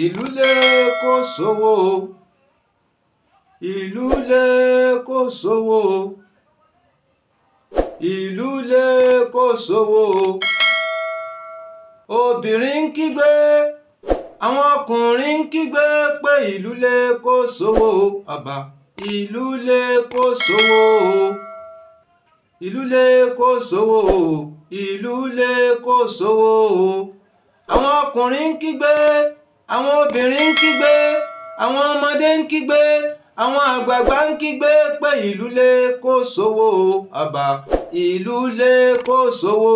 ìlú lè kó sówó ìlú lè kó sówó ìlú lè kó sówó obìnrin ń kígbe àwọn ọkùnrin ń kígbe pé ìlú lè kó sówó àbá ìlú lè kó sówó ìlú lè kó sówó ìlú lè kó sówó àwọn ọkùnrin ń kígbe. àwọn obìnrin ń kígbe àwọn ọmọdé ń kígbe àwọn àgbààgbà ń kígbe pé ìlú lè kó sówó ọba ìlú lè kó sówó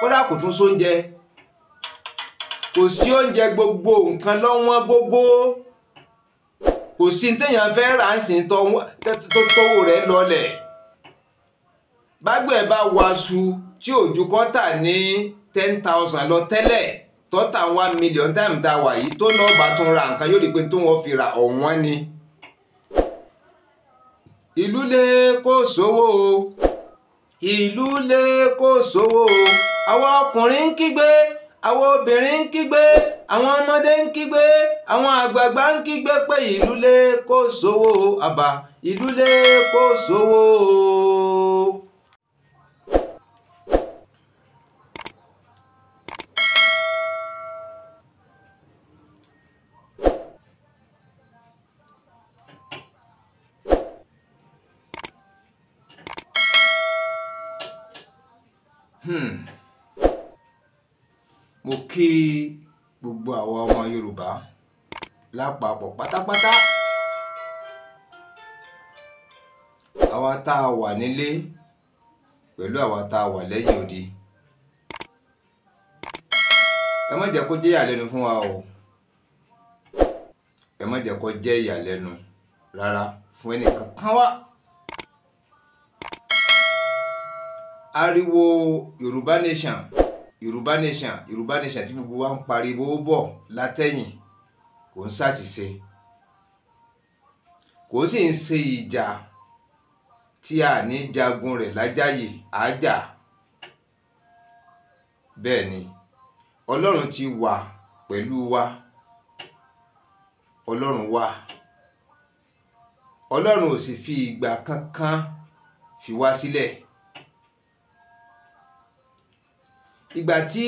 kódà kò tún sóúnjẹ kò sí oúnjẹ gbogbo nǹkan lọ́wọ́n gbogbo. kò sí téèyàn fẹ́ rà ń sìn tówó rẹ̀ lọlẹ̀ bágbẹ̀ bá waṣu tí òjú kọ́tà ní ten thousand lọ tẹ́lẹ̀ tọta one million times tá yi wà yìí tó náà bá tún ra nǹkan yóò rí pé tó wọ́n fi ra ọ̀wọ́n ni. ìlú lè kó sówó o ìlú lè kó sówó o àwọn ọkùnrin ń kígbe àwọn obìnrin ń kígbe àwọn ọmọdé ń kígbe àwọn àgbààgbà ń kígbe pé ìlú lè kó sówó o àbá ìlú lè kó sówó o. mo kí gbogbo àwọn ọmọ Yorùbá lápapọ̀ pátápátá àwa tá a wà nílé pẹ̀lú àwa tá a wà lẹ́yìn odi ẹ má jẹ́ kó jẹ́ ìyàlẹ́nu fún wa o ẹ má jẹ́ kó jẹ́ ìyàlẹ́nu rárá fún ẹnìkan kan wá. ariwo Yorùbá nation yorùbá nation yorùbá nation tí gbogbo wa ń pariwo bọ̀ látẹ̀yìn kò ń ṣàṣìṣe kò sì ń ṣe ìjà tí a ní jagun rẹ̀ lájàyè àájà bẹ́ẹ̀ ni ọlọ́run ti wà pẹ̀lú wa ọlọ́run wà ọlọ́run ò sì fi ìgbà kankan fi wá sílẹ̀. Si ìgbà tí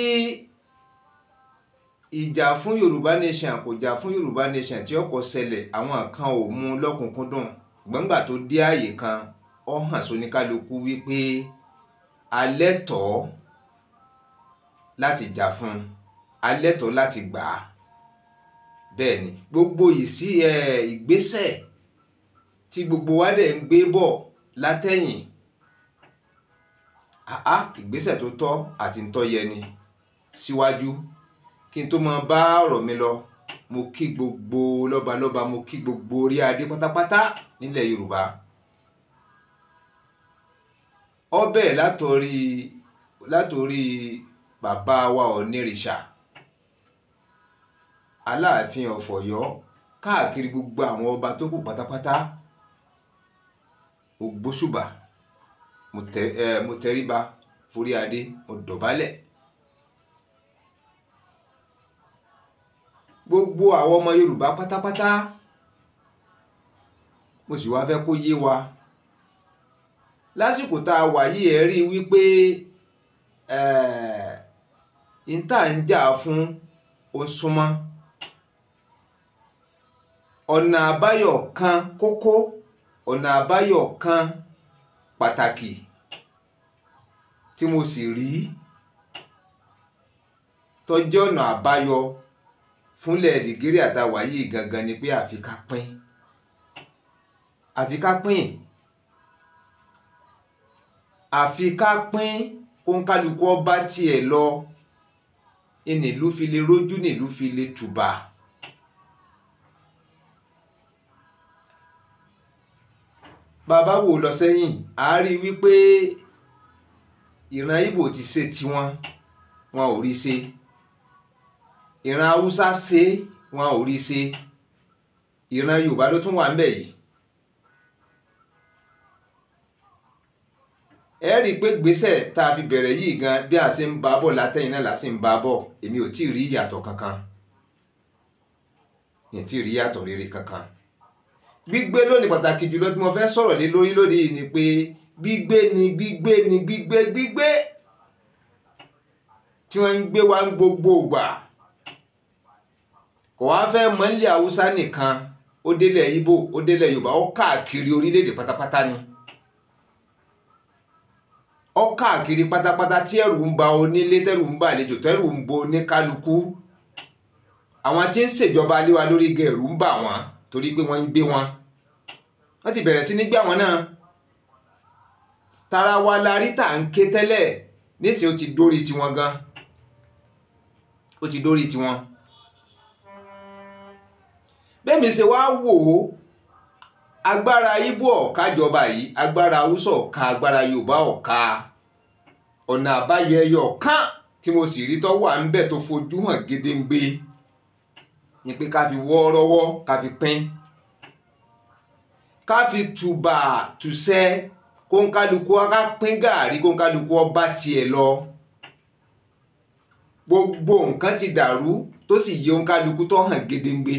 ìjà fún Yorùbá nation kò jà fún Yorùbá nation tí ọkọ̀ ṣẹlẹ̀ àwọn kan ò mú lọ́kùnkúndùn gbọ̀ngbà tó dé ààyè kan ó hàn sóníkálukú wípé alẹ́ tọ́ láti jà fún alẹ́ tọ́ láti gbà á bẹ́ẹ̀ ni gbogbo ìsí ìgbésẹ̀ tí gbogbo wa dẹ̀ ń gbé bọ̀ látẹ̀yìn àá ìgbésẹ̀ tó tọ́ àti ntọ́ yẹ ni síwájú kí n tó máa bá ọ̀rọ̀ mi lọ mo kí gbogbo lọ́balọ́ba mo kí gbogbo orí adé pátápátá nílẹ̀ Yorùbá ọbẹ̀ látòrí látòrí bàbá wa onírìṣà aláàfin ọ̀fọ̀yọ́ káàkiri gbogbo àwọn ọba tó kù pátápátá ògbóṣùbà mo tẹríba forí adé mo dọ̀bálẹ̀. gbogbo àwọn ọmọ Yorùbá pátápátá mo sì wá fẹ́ kó yé wa lásìkò tá a wà yìí ẹ rí i wípé ìta eh, ń jà fún osùnmọ́ ọ̀nà àbáyọ̀ kan kókó ọ̀nà àbáyọ̀ kan pàtàkì tí mo sì rí tó jẹ́ ọ̀nà àbáyọ fúnlẹ̀ Nàìjíríà tá a wà yìí gangan ni pé àfi ká pín àfi ká ọba tiẹ̀ lọ ìnílú fi lè nílùú fi tùbà. bàbá wò lọ sẹ́yìn a rí wípé ìran Ìgbò ti ṣe tiwọn wọn ò rí ṣe ìran Haúsá ṣe wọn ò rí ṣe ìran Yorùbá ló tún wà ń bẹ̀ yìí. ẹ rí i pé gbèsè tá a fi bẹ̀rẹ̀ yìí gan bí a ṣe ń bá bọ̀ látẹ̀yìn náà la ń bá bọ̀ èmi ò tí ì rí ìyàtọ̀ kankan mi ò tí ì rí ìyàtọ̀ rere kankan gbígbé lónìí pàtàkì jùlọ tí mo fẹ́ sọ̀rọ̀ lé lórí lónìí ni pé gbígbé ni gbígbé ni gbígbé gbígbé tí wọ́n ń gbé wa ń gbogbo ìgbà kò wá fẹ́ mọ nílẹ̀ haúsá nìkan ó délẹ̀ ibo ó délẹ̀ yorùbá ó káàkiri orílẹ̀-èdè pátápátá ni ó káàkiri pátápátá tí ẹ̀rù ń ba onílé tẹ̀rù ń ba àlejò tẹ̀rù ń bo oníkálukú àwọn tí ń ṣèjọba lé lórí gẹ̀ẹ́rù ń bà wọ́n. torí pé wọ́n ń gbé wọn wọ́n ti bẹ̀rẹ̀ sí ní gbé àwọn náà tara wa la rí tà ń ké tẹ́lẹ̀ nísìnyí ó ti dórí tiwọn gan ó ti dórí tiwọn bẹ́ẹ̀ mi ṣe wá wò ó agbára Ìgbò ọ̀ka jọba yìí agbára Haúsá ọ̀ka agbára Yorùbá ọ̀ka ọ̀nà àbáyọ ẹyọ kan tí mo sì rí tọ́wọ́ à ń bẹ̀ tó fojú hàn gédéǹgbé. ni pé ká fi wọ́ọ́rọ́wọ́ ká fi pín ká fi tùbà tùsẹ́ kóńkálukú ká pín gàárì kóńkálukú ọba tiẹ̀ lọ gbogbo nǹkan ti dàrú tó sì yẹ òǹkálukú tó hàn gedengbe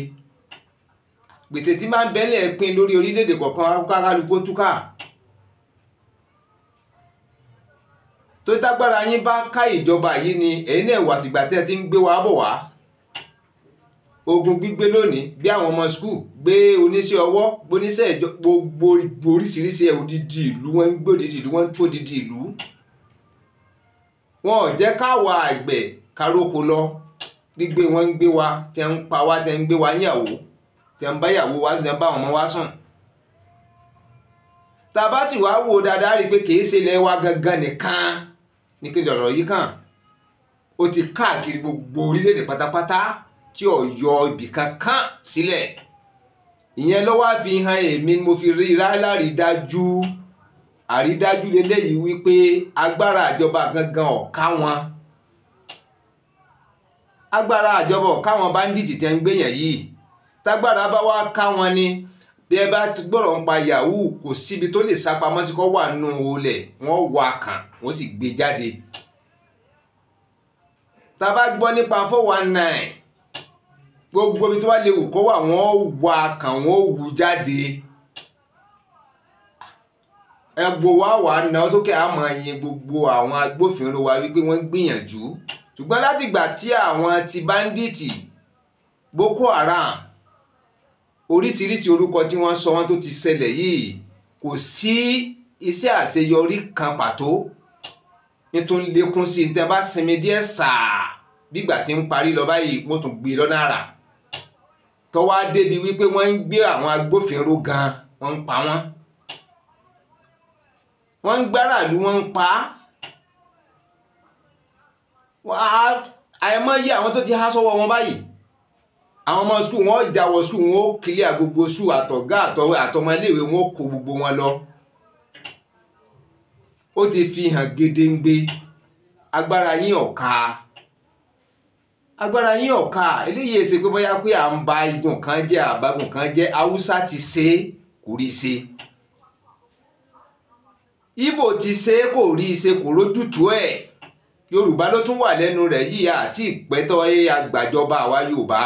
gbèsè tí máa ń bẹ́lẹ̀ pín lórí orílẹ̀-èdè kọ̀ọ̀kan kálukú túká tó dágbára yín bá ká ìjọba yìí ni ẹ̀yin náà wà tìgbà tẹ́ ẹ ti ń gbé wa bọ̀ wá ogun gbígbé lónìí gbé àwọn ọmọ skul gbé oníṣẹ́ ọwọ́ gbóníṣẹ́ ìjọ gbogbo oríṣiríṣi ẹ̀ odidi ìlú wọn ń gbé odidi ìlú wọn ń tó odidi ìlú. wọn ò jẹ́ káwa àgbẹ̀ karóko lọ gbígbé wọn ń gbé wa tẹ ń pa wá tẹ ń gbé wa níyàwó tẹ ń bá ìyàwó wa tẹ ń bá àwọn ọmọ wa sùn. tàbá sì wá wò dáadáa rí i pé kìí ṣe ilẹ̀ wa gangan nìkan ní kí n dọ̀rọ̀ yìí kàn ó ti káàkiri gbogbo orílẹ̀-èdè pátápátá tí ò yọ ibì kankan sílẹ̀ ìyẹn ló wá fi hàn èmi mo fi rí rálárí dájú àrídájú lélẹ́yìí wípé agbára àjọba gangan ọ̀ka wọn agbára àjọba ọ̀ka wọn báńdíìtì tẹ́ ń gbéyàn yìí tágbára bá wá ká wọn ni bí ẹ bá gbọ́rọ̀ ń pa yahoo kò síbi tó lè sá pamọ́ sí kó wà nù olè wọ́n wà kàn wọ́n sì gbé jáde tá a bá gbọ́ nípa four one nine gbogbo ibi tó bá lè wù kó wà wọ́n ó wà kàn wọ́n ó wù jáde ẹgbò wa wà ná sókè àmọ́ yin gbogbo àwọn agbófinró wa wípé wọ́n ń gbìyànjú ṣùgbọ́n látìgbà tí àwọn ti báńdíìtì Boko Haram oríṣiríṣi orúkọ tí wọ́n sọ wọ́n tó ti ṣẹlẹ̀ yìí kò sí iṣẹ́ àṣeyọrí kan pàtó nítorí lékún sí ní tí a bá sinmi díẹ̀ sáà bígbà tí ń parí lọ báyìí wọ́n tún gbé lọ́nà àrà tó wá débi wípé wọ́n ń gbé àwọn agbófinró gan wọ́n ń pa wọ́n wọ́n ń gbáràlú wọ́n ń pa á àìmọye àwọn tó ti há sọ́wọ́ wọn báyìí àwọn ọmọ skul wọn jáwọ́ skul wọn ó kílíà gbogbo skul àtọ̀gá àtọwé àtọmọléèwé wọn ó kó gbogbo wọn lọ ó ti fi hàn gedengbe agbára yín ọ̀ka agbára yín ọ̀ka eléyìí èsè pé bóyá pé à ń ba igun kan jẹ́ àbágun kan jẹ́ haúsá ti ṣe é kò rí i ṣe ibo ti ṣe é kò rí i ṣe kò rójútùú ẹ̀ yorùbá ló tún wà lẹ́nu rẹ̀ yìí àti ìpẹ́tọ́ ẹ̀ àgbàjọba àwa yorùbá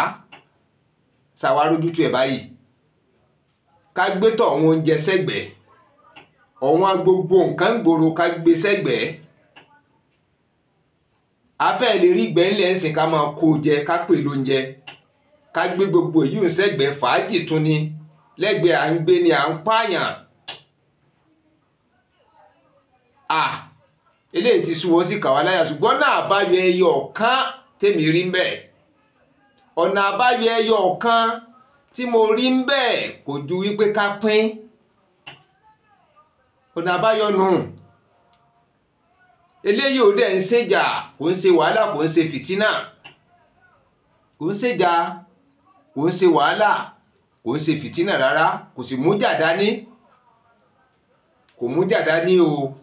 ṣàwa rójútùú ẹ̀ báyìí ká gbé tọ̀ àwọn oúnjẹ sẹ́gbẹ̀ẹ́ ọ̀wọ́n gbogbo nǹkan gbòòrò ká gbé sẹ́gbẹ̀ẹ́ afẹ́ lè rí ìgbẹ́ ńlẹ̀ ń ká máa kó jẹ ká pè lóúnjẹ ká gbé gbogbo èyí ń sẹ́gbẹ̀ẹ́ fàájì tún ni lẹ́gbẹ̀ẹ́ à ń gbé ni à ń pààyàn eléyìí ti sú sí kàwá láyà ṣùgbọ́n náà àbáyọ ẹyọ ọ̀kan tèmi rí mo rí kò ju wípé ká pín eléyìí ò dẹ̀ ń ṣèjà kò ń ṣe wàhálà kò ń ṣe fìtínà kò ń ṣèjà kò ń ṣe wàhálà kò ń ṣe fìtínà rárá kò sì mú jà dání kò mú jà dání o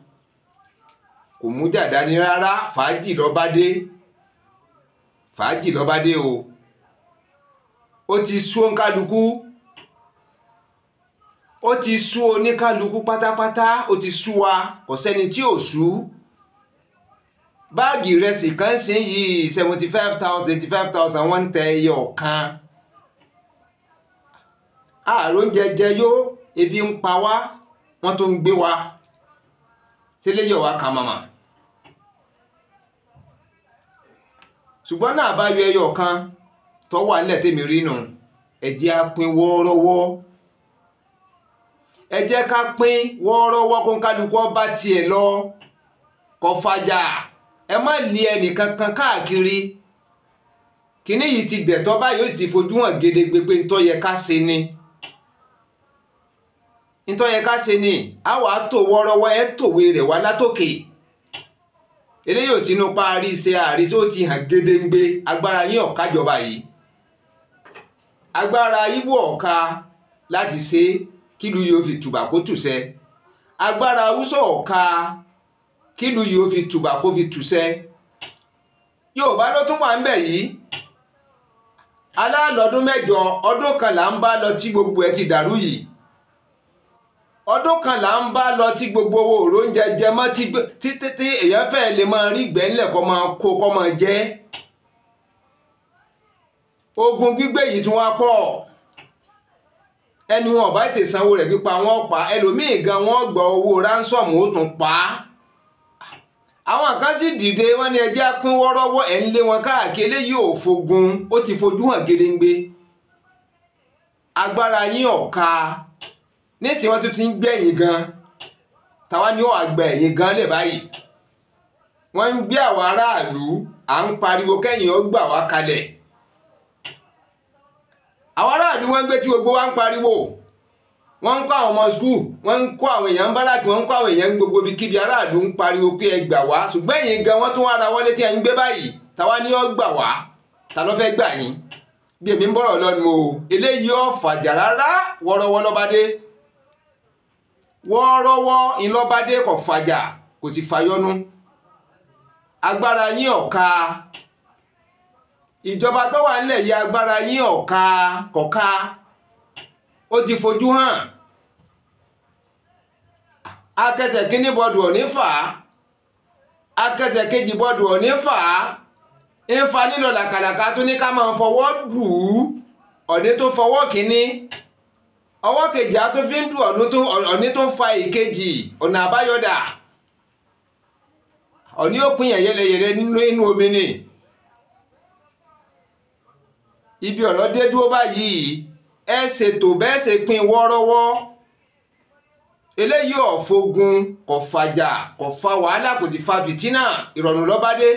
kò mú jà dání rárá fàájì lọ́ba dé fàájì lọ́ba dé o ó ti sú oníkálukú ó ti sú oníkálukú pátápátá ó ti sú wa kò sẹ́ni tí ò sú. báàgì ìrẹsì kan ṣe ń yí seventy five thousand eighty five thousand wọ́n ń tẹ ẹyọ kan ààrùn jẹjẹ yó ebi ń pa wá wọ́n tó ń gbé wa tẹ́lẹ̀ yọ̀ wá kà màmá ṣùgbọ́n náà bá yọ ẹyọ kan tó wà nílẹ̀ tèmi rí nù ẹ jẹ́ á pín wọ́ọ́rọ́wọ́ ẹ ká pín wọ́ọ́rọ́wọ́ kó ń kálukú ọba tiẹ̀ lọ kó fàjà. ẹ má li ẹnìkan kan káàkiri kíní yìí ti gbẹ̀tọ́ báyìí ó sì ti fojú hàn gedegbe pé ntọ́ yẹ ká ṣe ni ntọ́ yẹ ká ṣe ni a wàá tò wọ́rọ́wọ́ ẹ tòwe rẹ̀ wá látòkè eléyìí ò sínú parí ṣe àrísí ó ti hàn gedengbe agbára yín ọ̀kájọba yìí agbára ibo ọ̀ka láti ṣe kílùú yóò fi tùbà kó tùṣẹ agbára húsọ̀ ọ̀ka. kílùú yìí ó fi tùbà kó fi tùsẹ́ yorùbá ló tún wà ń bẹ̀ yìí aláàlọ́dún mẹ́jọ ọdún kan là ń bá lọ tí gbogbo ẹ̀ ti dàrú yìí ọdún kan là ń bá lọ tí gbogbo owó oúnjẹ jẹ mọ́ títí èèyàn fẹ́ẹ́ lè máa rí ìgbẹ́ ńlẹ̀ kó máa kó kó máa jẹ ogun gbígbé yìí tún wá pọ̀ ẹni wọn ò bá tèsanwó rẹ̀ pípa wọn pa ẹlòmíì gan wọn gbọ́ owó ránsọ̀mù ó tún pa á àwọn kan sì dìde wọn ní ẹjẹ́ pín wọ́rọ́wọ́ ẹ̀ ń lé wọn káàkiri eléyìí ò fogun ó ti fojú hàn gedengbe agbára yín ọ̀ka nísìnyí wọn tún ti ń gbẹ̀yìn gan táwa ni ó àgbà ẹ̀yìn gan lẹ̀ báyìí wọ́n ń gbé àwọn aráàlú à ń pariwo kẹ́yìn ó gbà wá kalẹ̀ àwọn aráàlú wọn ń gbé tí gbogbo wa ń pariwo wọ́n ń kó àwọn ọmọ skul wọ́n ń kó àwọn èèyàn báràkì wọ́n ń kó àwọn èèyàn gbogbo ibi kíbi aráàlú ń pariwo pé ẹ gbà wá ṣùgbọ́n ẹ̀yin gan wọ́n tún wá ara wọlé tí ẹ ń gbé báyìí táwa ni ó gbà wá ta ló fẹ́ gbà yín bí èmi ń bọ̀rọ̀ lọ́nu o eléyìí ò fàjà rárá wọ́rọ́wọ́ lọ́badé wọ́ọ́rọ́wọ́ ìlọ́badé kò fàjà kò sì fàyọnu agbára yín ọ̀ka ìjọba o ji fojú hàn akẹ́tẹ̀ kínní bọ́ọ̀dù ò ní fà á akẹ́tẹ̀ bọ́ọ̀dù fa lílọ làkàlàkà tó ní ká máa fọwọ́ ọ̀ní tó fọwọ́ ọwọ́ kejì á tó fi fa ọ̀nà omi ibi ẹ ṣètò bẹ́ẹ̀ ṣe pín wọ́ọ́rọ́wọ́ eléyìí ọ̀fogun kò fàjà kò fa wàhálà kò sì fa fìtínà ìrọ̀rùn lọ́bádé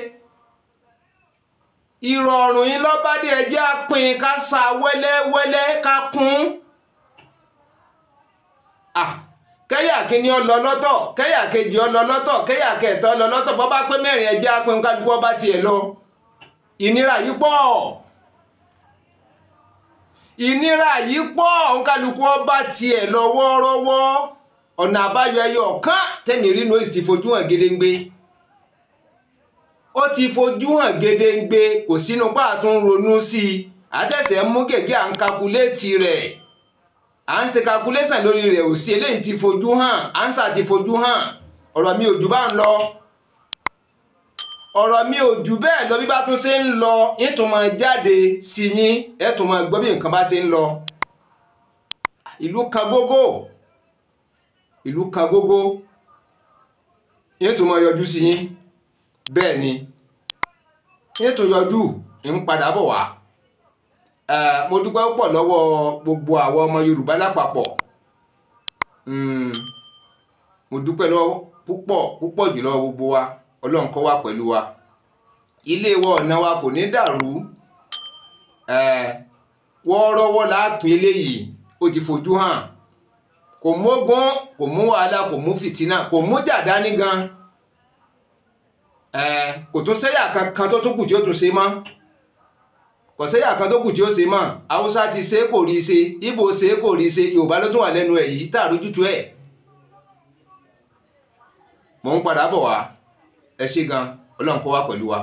ìrọ̀rùn yín lọ́bádé ẹjẹ́ àpín ká sa wẹ́lẹ́wẹ́lẹ́ ká kún kẹ́yà kínní ọlọ lọ́tọ̀ kẹ́yà kejì ọlọ lọ́tọ̀ kẹ́yà kẹtọ́ ọlọ lọ́tọ̀ bọ́ bá pé mẹ́rin ẹjẹ́ àpín ká dúpọ́ bá tiẹ̀ lọ ìnira yìí pọ̀. ìnira yìí pọ̀ òǹkàlùkù wọn bá tiẹ̀ lọ wọ́ọ́rọ́wọ́ ọ̀nà àbáyọ ẹyọ ọ̀kan tẹ̀mí rí noise ti fojú hàn gedengbe ó ti fojú hàn gedengbe kò sínú pa àtún ronú sí i àtẹ̀sẹ̀ mú gègé à ń kakuléètì rẹ̀ à ń ṣe calculation lórí rẹ̀ ò sí eléyìí ti fojú hàn answer ti fojú hàn ọ̀rọ̀ mi ò jù bá ń lọ. ọ̀rọ̀ mi ò jù bẹ́ẹ̀ lọ bí bá tún ṣe ń lọ yín tún máa jáde sí yín ẹ tún máa gbọ́ bí nǹkan bá ṣe ń lọ. ìlú kan gógó ìlú kan gógó yín tún máa yọjú sí yín bẹ́ẹ̀ ni yín tún yọjú ń padà bọ̀ wá. mo dúpẹ́ púpọ̀ lọ́wọ́ gbogbo àwọn ọmọ Yorùbá lápapọ̀ hmm, mo dúpẹ́ lọ́wọ́ púpọ̀ púpọ̀ jùlọ gbogbo wa. ọlọ́run kó pẹ̀lú wa ilé wa ọ̀nà wa kò ní dàrú wọ́ọ́rọ́wọ́ láàpín eléyìí ó ti fojú hàn kò mógún kò mú wàhálà kò mú fìtínà kò mú jàdá ní gan kò tún sẹ́yà kankan tó tún kù tí ó tún ṣe mọ́ kò sẹ́yà kan tó kù tí ó ṣe mọ́ haúsá ti ṣe kò rí ṣe ìgbò ṣe kò rí ṣe yorùbá ló tún wà lẹ́nu ẹ̀ yìí tá àrójútu ẹ̀ mò ń padà bọ̀ wá. ẹ ṣé gan ọlọ́run kó wà pẹ̀lú wa.